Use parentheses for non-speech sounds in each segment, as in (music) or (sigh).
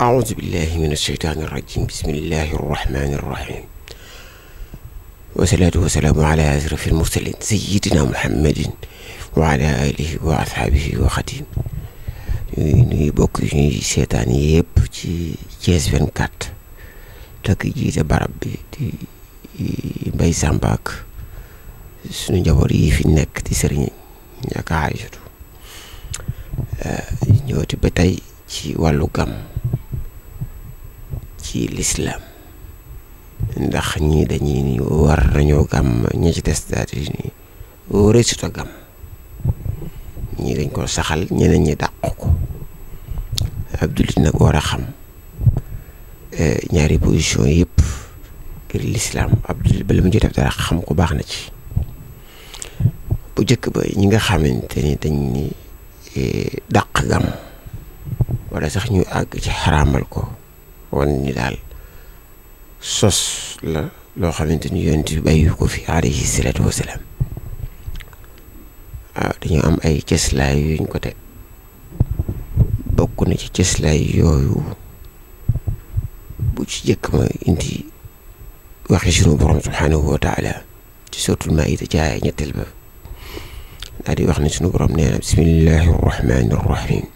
أعوذ بالله من الشيطان الرجيم بسم الله الرحمن الرحيم والصلاة والسلام على أشرف المرسلين سيدنا محمد وعلى آله وأصحابه وخديم ñuy nuyu bokk yi ñuy seetaan yëpp ci Thiès 24 takk jiite barab bi di Mbaye Samba ak suñu njaboot yi fi nekk di sëriñ ñaka Aysatu eh, ñëwati ba ci wàllu gàmm lislaam ndax ñii dañuy war nañoo gàmm ñi ci des daal di ni wóore gàmm ñii dañ ko saxal ñeneen ñi dàq ko ab jullit nag war a xam eh, ñaari position yëpp ngir lislaam ab jullit mu ci def dara xam ko baax na ci bu jëkk ba ñi nga xamante ni dañ ni eh, dàq gàmm walla sax ñu àgg ci xaraamal ko wan ñu daal sos la loo xamante ni yonent bi bàyyi ko fi alayhi salaatu wasalaam waaw ah, dañu am ay cëslaay yuñ ko teg bokk na ci cëslaay yooyu bu ci jëkk ma indi waxi sunu borom subhaanahu wa taala ci suratul maayida jaay ñetteel ba daal di wax ne sunu borom nee bismillahi rahmaani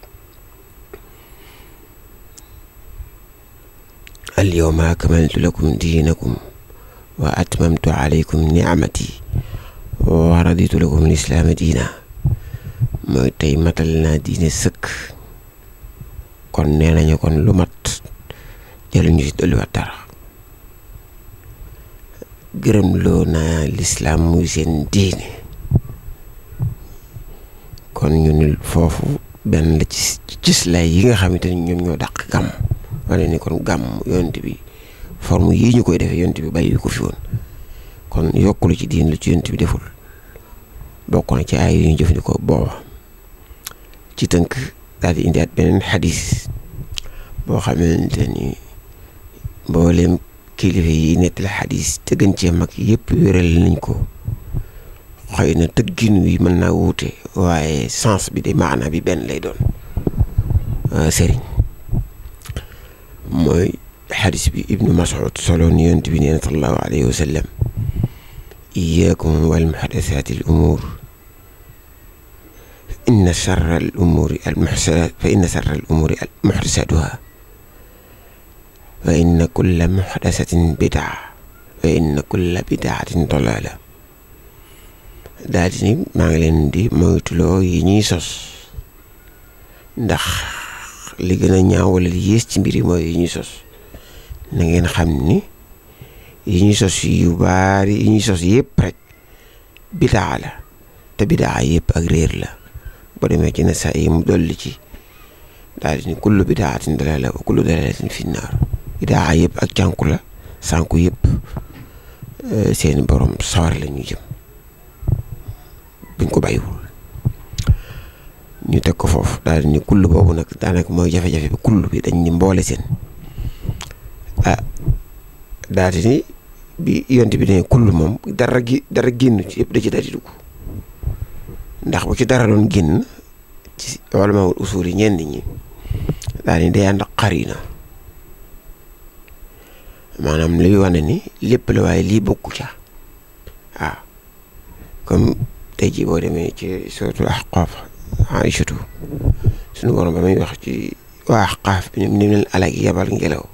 alyawma akmaltu lakum diinakum wa atmamtu aleykum niamati wa raditu lakum diina mooy tey matal naa diine sëkk kon nee nañu kon lu mat jëlu ñu si dolliwaat dara gërëm loo naa lislaam muy seen diine kon ñu ni foofu benn la ci cislaay yi nga xamante ni ñoom ñoo dàq gàmm wane ni kon gàmm yonent bi forme yii ñu koy defee yonent bi bàyyi ko fi woon kon yokkul ci diin lu ci yonent bi deful bokk na ci ay yu ñu jëfandikoo booba ci tënk daal di indiwaat beneen xadis boo xamante ni mboolem kilifa yi nettali xadis te gën cee mag yëpp wéral nañ ko xëy na tëggin wi mën naa wuute waaye sens bi de maana bi benn lay doon sëriñ mooy xadis bi ibnu Mas'ud solo ni yonent bi nee na sallallahu alayhi wa sallam iyaakum wal muxdasaati al umuur inna charra al umuuri al muxdasaat fa inna charra al umuuri al muxdasaatuha wa inna kulla muxdasatin bidaa wa inna kulla bidaatin dalaala daal di ni maa ngi leen di moytuloo yi ñuy sos ndax li gën a ñaawalal yées ci mbir yi mooy yi ñuy sos na ngeen xam ni yi ñuy sos yu baari yi ñuy sos yëpp rek bidaa la te bidaa yëpp ak réer la boo demee ci sa yi mu dolli ci daal di ni kullu bidaatin dalala wa kullu dalalatin fi naar bidaa yëpp ak jànku la sànku yépp eh, seeni borom sawar la ñu jëm buñ ko bàyyiwul ñu teg ko foofu daal ni kull boobu nag daanaka mooy jafe-jafe bi kull bi dañ ni boole seen ah ni bi yonte bi ne kull moom dara gi dara génn ci yëpp da ci daal di ci dara doon génn ci wala ma usuul yi ñenn ñi daal ni day ànd xarina maanaam luy wane ni lépp waaye lii bokku ca waaw ah, comme tey jii boo demee ci suratul Ahqaaf Aysatu suñu borom ba muy wax ci waa xaaf ni leen alag yabal ngelaw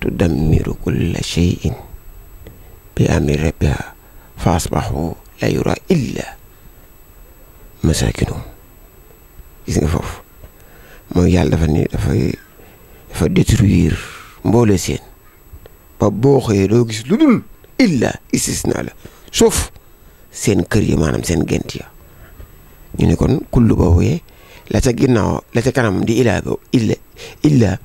tudammiru kulla shay'in bi amri rabbiha fa asbahu la illa masakinuhum gis nga foofu mooy yàlla dafa ni dafay dafa détruire mboole seen ba boo xëyee gis lu dul illa istisna la sauf seen kër yi maanaam seen gént ñu ne kon kullu boobu yee la ca ginnaaw la ca kanam di ilaa go illa illa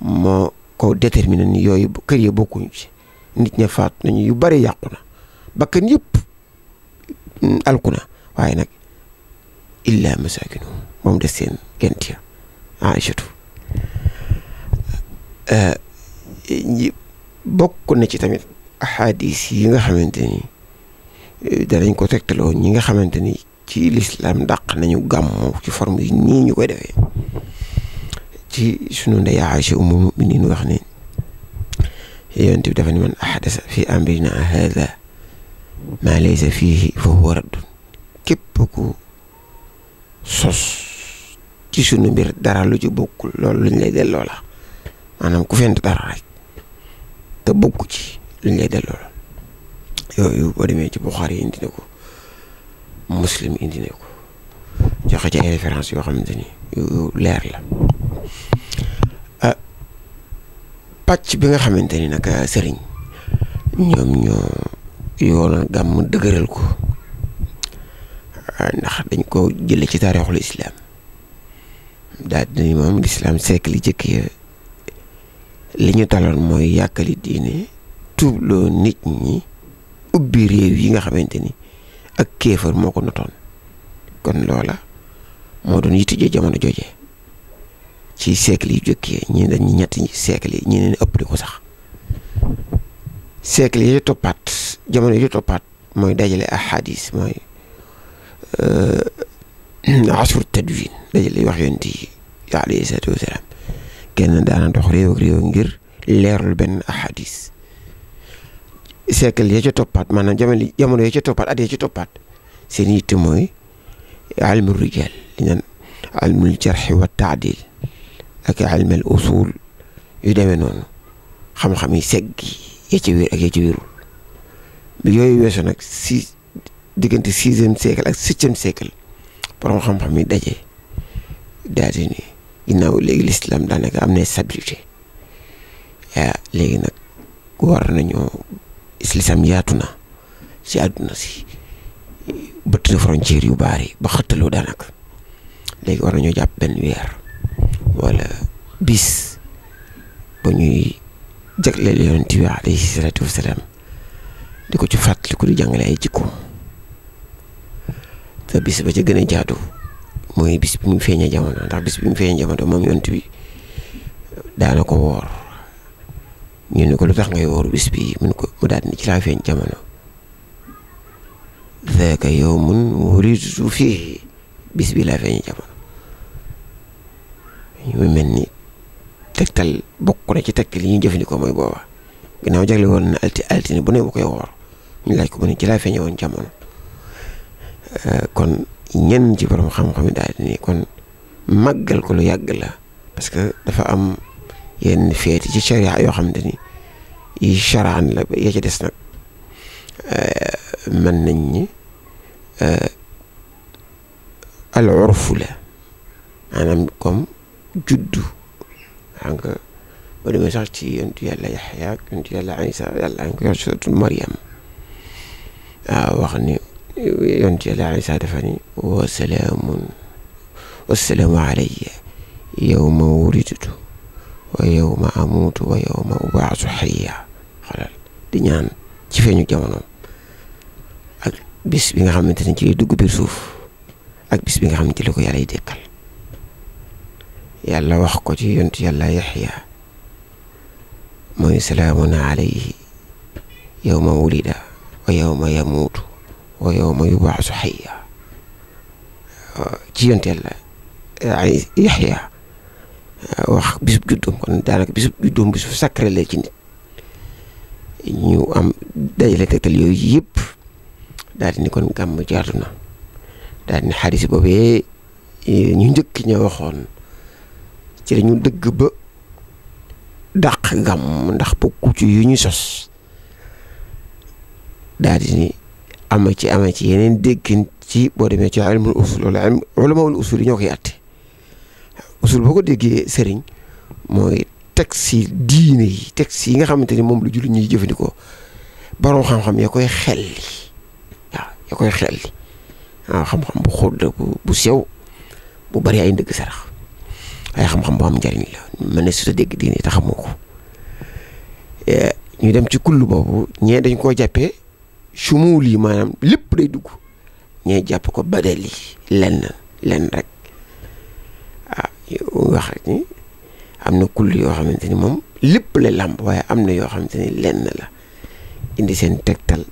moo ko déterminer yooyu kër ya bokkuñu ci nit ña faat nañu yu bari yàqu na bakkan yëpp alku waaye nag illa masakinu moom des seen gent ya aïchatu euh, na ci tamit ahadis yi nga xamante ni euh, danañ ko tegtaloo ñi nga xamante ni ci lislaam dàq nañu gàmmu ci forme yi nii ñu koy defee ci sunu ndey Aysa ummul muminin wax ni yonent bi dafa ni man ahdasa fi amrina haada maa laysa fiihi fa huwa raddun képp ku sos ci sunu mbir dara lu ci bokkul loolu luñ lay delloo la maanaam ku fent dara rek te bokku ci luñ lay delloo la yooyu boo demee ci Buxaari indi na ko muslim indi ne ko joxe ci ay yoo xamante ni leer la ah, pàcc bi nga xamante ni nag ah, sëriñ ñoom ñoo yoonal gàmm dëgëral ko ah, ndax dañ ko jële ci taarixul islaam daal dinañ moom lislaam sekk li jëkk ya taloon mooy yàkkali diine tuubloo nit ñi ubbi réew yi nga xamante ni ak kéefar moo ko notoon kon loola moo doon yittijee jamono jooje ci siècle yi jokkee ñi dañuy ñetti siècle yi ñi ne ëpp di ko sax siècle yi toppaat jamono yi toppaat mooy dajale ahadis mooy euh, (clears throat) asur tadwin dajale wax yonent yi alayhi salaatu wasalaam kenn daana dox réew ak réew ngir leerul benn ahadis siècle ya ca toppaat maanaam jamono jamono ya ca toppaat at ya ca toppaat seen yitte mooy almu rijal li naan almul jarxi wa taadil ak almul usul yu demee noonu xam-xam yi seggi ya ca wér ak ya ca wérul bi yooyu weesu nag si diggante sixième siècle ak septième siècle borom xam-xam yi daje daal di ni ginnaaw léegi l'islam daanaka am na stabilité ah léegi nag war nañoo lislaam yaatu na si àdduna si bëtt na frontière yu bari ba xëttaloo daanaka léegi war nañoo jàpp benn weer wala bis ba ñuy jagleel yonent bi alayhi salaatu wasalaam di ko ci fàttali ko di jàngale ay jikko te bis ba ca gën a jaadu mooy bis bi mu feeñee jamono ndax bis bi mu feeñee jamono moom yonent bi daana woor ñu ne ko lu tax ngay woor bis bi mu daal ni ci laa feeñ jamono zaaka yawmun wulitu fiihi bis bi laa feeñ jamono ñu mel ni tegtal bokk na ci tegtal yi ñu jëfandikoo mooy booba ginnaaw jagle woon na alti altine bu ne bu koy woor ñu laaj ko mu ci laa feeñe woon jamono euh, kon ñenn ci borom xam-xam yi daal ni kon màggal ko lu yàgg la parce que dafa am yenn feeti ci sharia yoo xamante ni yi charaan la ba ya des nag eh, mën nañ eh, al urfu la maanaam comme juddu xam nga sax ci yontu yàlla yaxya yontu yàlla isa yàlla a ngi koy wax suratul mariam ni yontu yàlla isa dafa ni wa salaamun wa salaamu wa yowma amuutu wa yowma ubaasu xayya doxalal di ñaan ci feeñu jamonoom ak bis bi nga xamante ne ci lay dugg biir suuf ak bis bi nga xam ne ci la ko yàlla yi dekkal yàlla wax ko ci yontu yàlla yaxya mooy salaamun alayhi yawma wulida wa yawma yamuutu wa yawma yubaasu xayya ci yontu yàlla yaxya wax bisub juddum kon daanaka bisub juddum bisub sacré la ci dajale tegtal yooyu yëpp daal kon gàmm jaatu na daal di ni e, ñu njëkk ña waxoon ci lañu dëgg ba dàq gàmm ndax bokku ci yu ñu sos daal di ni ama ci amee ci yeneen déggin ci boo demee ci ilmul usul wala ulamaul usul yi ñoo koy atte usul boo ko déggee sëriñ mooy teg si diine yi teg yi nga xamante ni moom lu jullit ñuy jëfandikoo borom xam-xam ya koy xelli waaw koy xelli waaw ah, xam-xam bu xóot la bu sew bu bari ay ndëgg sarax waaye xam-xam bu am njariñ la mën su ta dégg diine te xamoo ko eh, ñu dem ci kull boobu ñee dañ koo jàppee sumuul yi maanaam lépp day dugg ñee jàpp ko badal yi len len rek ah wax rek ni am na kull yoo xamante ni moom lépp la làmb waaye am na yoo xamante ni lenn la indi seen tegtal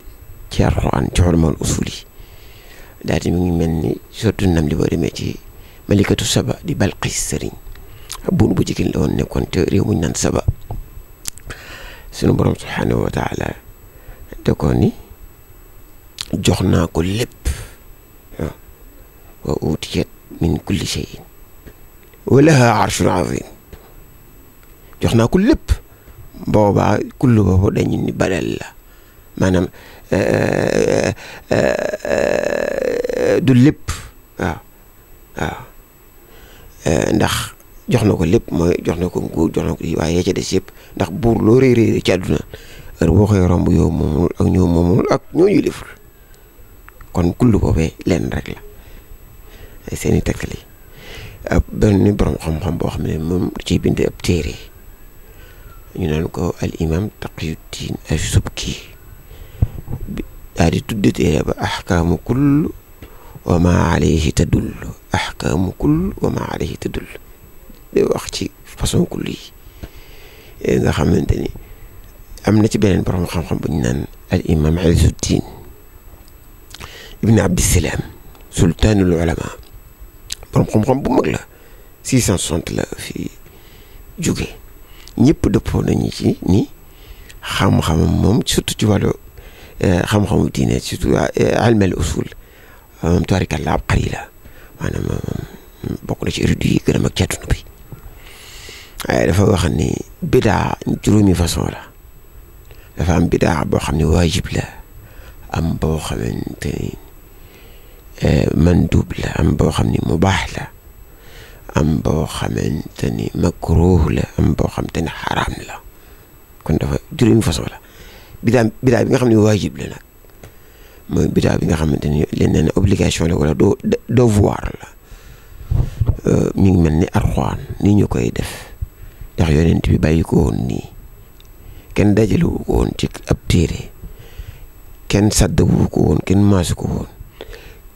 ci alxuraan ci xolmal usul yi mu ngi mel ni surtout nam li boo demee ci malikatu saba di balqis sëriñ ab buur bu jigéen la woon nekkoon te réew muñ saba sunu borom subhaanahu wa taala ni jox naa ko lépp waaw wa uutiyat min kulli shay'in wa laha arshun azim jox naa ko lépp boobaa kullu boobu dañu ni badal la maanaam euh, euh, euh, du lépp waaw waaw ndax jox na ko lépp mooy jox na ko nguur jox na ko waaye yaa ca des yëpp ndax buur loo rëy rëy ci àdduna heure boo koy romb yow moomul ak ñoo moomul ak ñoo yiliful kon kullu boobee lenn rek la ay seen i tegtal borom xam-xam boo xam ne moom ciy bind ab téere ñu naan ko al imam taqiyuddin as-subki daal di tudde téere ba axkaamu kull wa ma alayhi tadul axkaamu kull wa ma alayhi tadul day wax ci façon kull yi nga xamante ni am na ci beneen borom xam-xam bu ñu naan al imam Izzuddin ibn Abdissalaam sultaanul ulama borom xam-xam bu mag la 660 la fi jóge ñëpp dëppoo nañu ci ni xam-xamam moom surtout ci wàllu xam-xamu diine surtout euh, almel usul moom taarikàlla ab xar yi la maanaam bokk na ci érudit yi gën a bi dafa wax ni bidaa juróomi façon la dafa am bidaa boo xam ne waajib la am boo xamante ni euh, mandub la am boo xam ni mubaax la am boo xamante ni makruh la am boo xamante ni xaraam la kon dafa juróomi façon la bidaa bidaa bi nga xam ne waajib la nag mooy bidaa bi nga xamante ni leen ne obligation la wala doo devoir la mi euh, ngi mel ni arxuaan ni ñu koy def ndax ni bi bàyyi ko woon nii kenn dajalewu ko woon ci ab téere kenn saddawu ko woon kenn maasu ko woon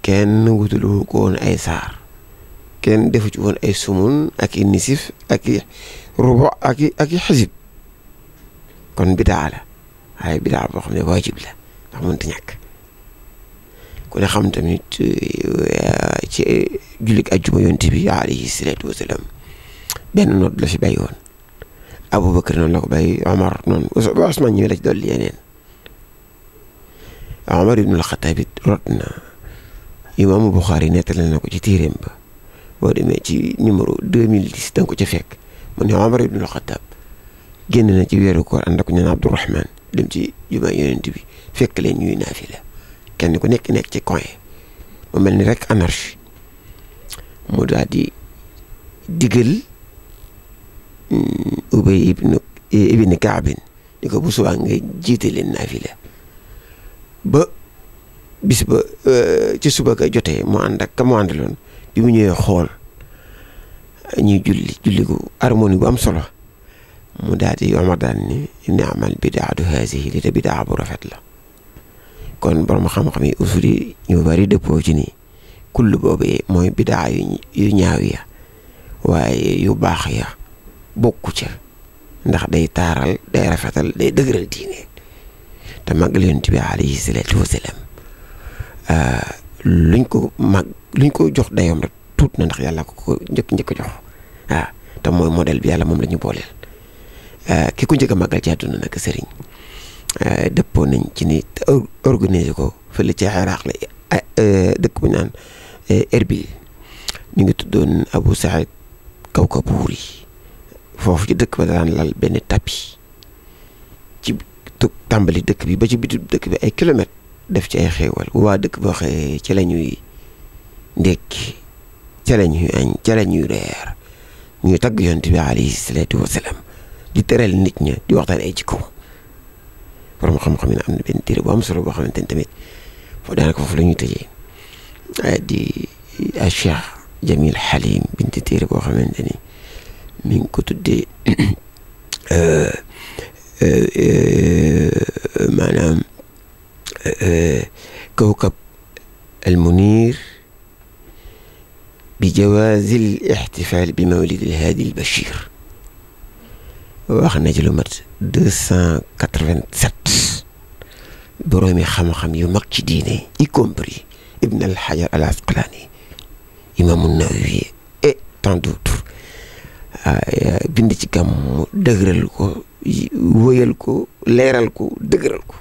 kenn wutulu ko ay saar kenn defu ci woon ay sumun ak i nisif ak i rubo ak xisib kon bidaa la waaye bidaa boo xam ne waajib la ndax mënta ñàkk ku ne xam tamit eh, ci jullit ajjuma yonent bi alayhi salaatu wasalaam benn noot la fi bàyyi woon Aboubacar noonu la ko bàyyi Omar noonu ba Ousmane ñëwee la ci dolli yeneen Omar ibnul Xataab it rot na imaamu Buxaari nettali na ko ci téeréem ba boo demee ci numéro 2010 da nga ko ci fekk mu ne Omar ibnul Xataab génn na ci weer koor ànd ak ñu naan dem ci jumaa yonent bi fekk leen ñuy naafila kenn ku nekk nekk ci coin mu mel ni rek anarchie mu daal di digal mm, Ubay ibnu ibni Kaabin ni ko bu subaa ngay jiite leen naafila ba bis ba euh, ci suba ka jotee mu ànd ak ka mu àndaloon bi mu ñëwee xool ñuy julli julli gu harmonie bu am solo mu daal di Omar daal ni ni amal bidaatu haasihi li te bidaa bu rafet la kon borom xam-xam yi usul yi bari dëppoo ci nii kull boobu mooy bidaa yu ñaaw ya waaye yu baax ya bokku ca ndax day taaral day rafetal day dëgëral diine te màggal Yonent bi alayhi salaatu wasalaam luñ ko mag luñ ko jox dayam rek tuut na ndax yàlla ko ko njëkk njëkk jox waaw te mooy modèle bi yàlla moom la ñu booleel. Euh, ki ku njëkk a màggal ci àdduna nag sëriñ euh, dëppoo nañ ci ni organisé ko fële ci xaraax la euh, dëkk bu naan Erbil ñu ngi tuddoon Abu Saïd Kawkab Wuuri foofu ci dëkk ba daan lal benn tapis ci tàmbali dëkk bi ba ci bitu dëkk bi ay kilomètres def ci ay xéewal waa dëkk boo xee ci la ñuy ndékki ca la ñuy añ ca la ñuy reer ñuy tagg yonent bi alayhi salaatu di tëral nit ña di waxtaan ay jikko borom xam-xam yi am na benn téere bu am solo boo xamante ni tamit foofu daanaka foofu la ñuy tëjee di Cheikh Jamil Halim binti téere boo xamante ni mi ngi ko tuddee (coughs) euh, euh, euh, maanaam kawkab al munir bi jawaazil ixtifaal bi mawlid al haadi al bachir waa xam na ci lu mat deux cent quatre-vingt-sept boroomi xam-xam yu mag ci diine y compris yi al Hajar al Asqalani imaamu Nawawi et tant d'autres euh, bind ci gàmmu dëgëral ko wëyal ko leeral ko dëgëral ko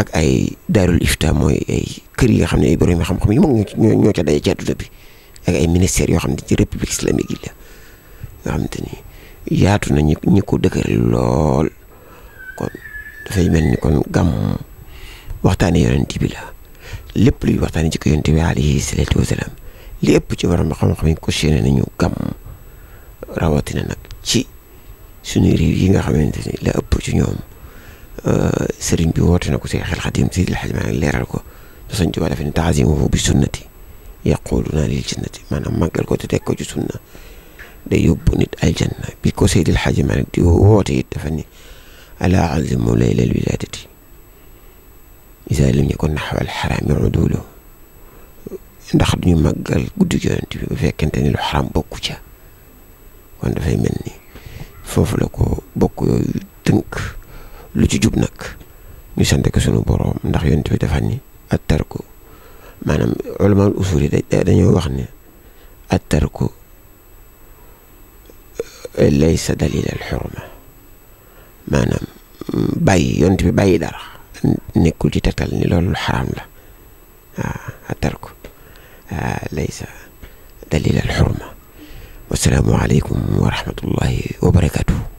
ak ay daarul ifta mooy ay kër yi xam ne ay boroomi xam-xam yu mag ñoo ci ca daje ci àdduna bi ak ay ministères yoo xam ne ci république islamique yi la nga xam te ni yaatu na ñi ñi ko dëkkër lool kon dafay mel ni kon gàmm waxtaane yonent bi la lépp luy waxtaane ci ko yonent bi alayhi salaatu wasalaam lépp ci waram xam-xam yi ko séene nañu gàmm rawatina nag ci suñu réew yi nga xamante ni la ëpp ci ñoom euh, sëriñ bi woote na ko si xel xadim si El Hadj Malick leeral ko te Sëriñ Tuubaa dafa ne taazimuhu bi sunnati yaquluna lil jannati maanaam màggal ko te teg ko ci sunna day yóbbu nit aljanna bi ko Seydil Hadji Malick di woote it dafa ni alaa azimu laylal wiladati isa lim yakun naxwal xaraami udulu ndax duñu màggal guddi yonent bi bu fekkente ni lu xaram bokku ca kon dafay mel ni foofu la ko bokk yooyu tënk lu ci jub nag ñu sant ko sunu boroom ndax yonent bi dafa ni at tarku maanaam ulamaul usul yi dañoo wax ni at tarku laysa dalil al xurma maanaam bàyyi yonent bi bàyyi dara nekkul ci tegtal ni loolu xaraam la waaw tarku laysa dalil al xurma wasalaamu aleykum wa rahmatullahi wa barakatuh